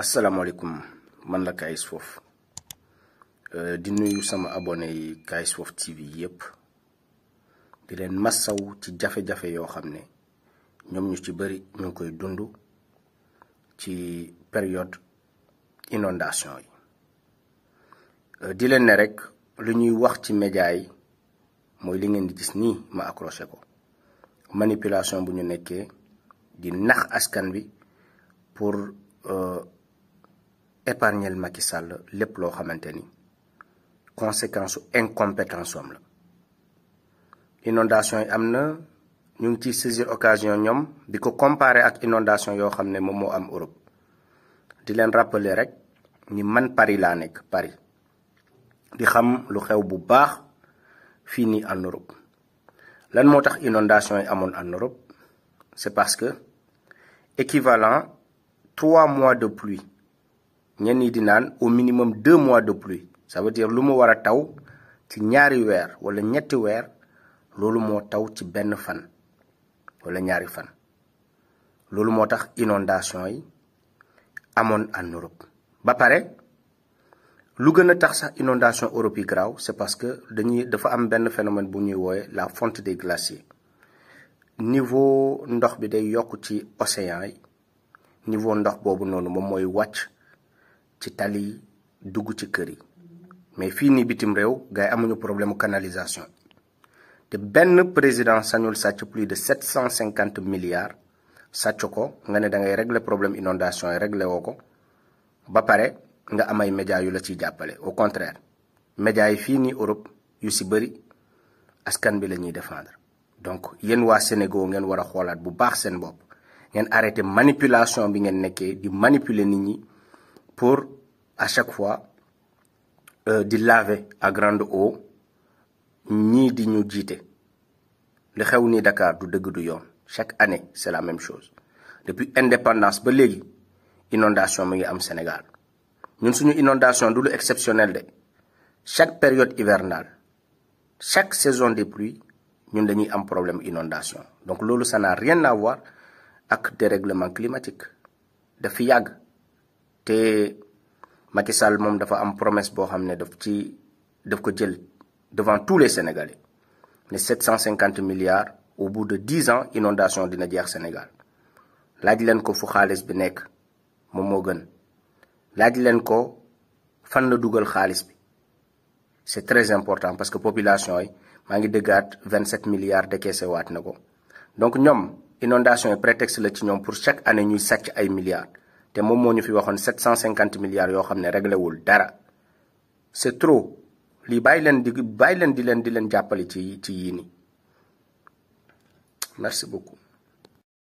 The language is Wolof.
asalaamaaleykum man la Kayz Fof euh, di nuyu sama abone yi Kayz Fof TV yépp di leen massaw ci jafe-jafe yoo xam ne ñoom ñu ci bari ñu ngi koy dund ci période inondation yi euh, di leen ne rek lu ñuy wax ci média yi mooy li ngeen di gis nii ma accroché ko manipulation bu ñu nekkee di nax askan bi pour épargnel Macky Sall lépp loo xamante conséquence incompétence am la inondation avons saisi l'occasion ñu comparer avec inondation qui xamné ne am Europe di len rappeler rek ni man Paris la nek Paris di xam lu xew bu baax fini en Europe lan motax inondation amone en Europe c'est parce que équivalent trois mois de pluie ñenn di naan au minimum deux mois de pluie ça veut dire lu mu war a taw ci ñaari weer wala ñetti weer loolu moo taw ci benn fan wala ñaari fan loolu moo tax inondation yi amoon en Europe ba pare lu gën a tax sax inondation Europe yi c'est parce que dañuy dafa am benn phénomène bu ñuy wooye la fonte des glaciers niveau ndox bi day yokk ci océan yi niveau ndox boobu noonu moom mooy wàcc ci tali yi dugg ci kër yi mais fii nii bitim réew gars yi amuñu problème canalisation te benn président sañul sàcc plus de cent cinquante milliards sacc ko nga ne da ngay régler problème inondation yi régler woo ko ba pare nga amay média yu la ciy jàppale au contraire média yi fii nii Europe yu si bëri askan bi la ñuy défendre donc yéen waa Sénégal ngeen war a xoolaat bu baax seen bopp ngeen arrêté manipulation bi ngeen nekkee di manipuler nit ñi pour à chaque fois euh, de laver à grande eau ni de nous jeter le Dakar du chaque année c'est la même chose depuis indépendance ba y inondation au am Sénégal ñun suñu inondation inondations chaque période hivernale chaque saison des pluies nous avons un problème inondation donc ça n'a rien à voir avec le dérèglement climatique de FIAG. Et Macky Sall mom dafa am promesse bo xamné daf devant tous les Sénégalais Les 750 milliards au bout de 10 ans inondation dina jeex Sénégal La leen ko fu xaliss bi nek mom mo gën ko la c'est très important parce que population yi 27 milliards de caisses. Donc donc ñom inondation est prétexte pour chaque année ñuy sacc ay milliards te moom moo ñu fi waxoon cent 750 milliards yoo xam ne réglé wul dara c'est trop lii bàyyi leen di bàyyi leen di leen di leen jàppale ci ci nii merci beaucoup.